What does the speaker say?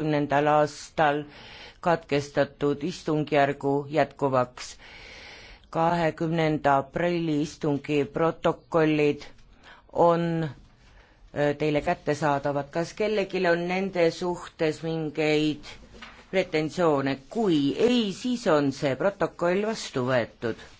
kümnendal aastal katkestatud istungjärgu jätkuvaks. kahekümnenda aprilli istungi protokollid on äh, teile kättesaadavad, kas kellelgi on nende suhtes mingeid pretensioone, kui ei, siis on see protokoll vastu võetud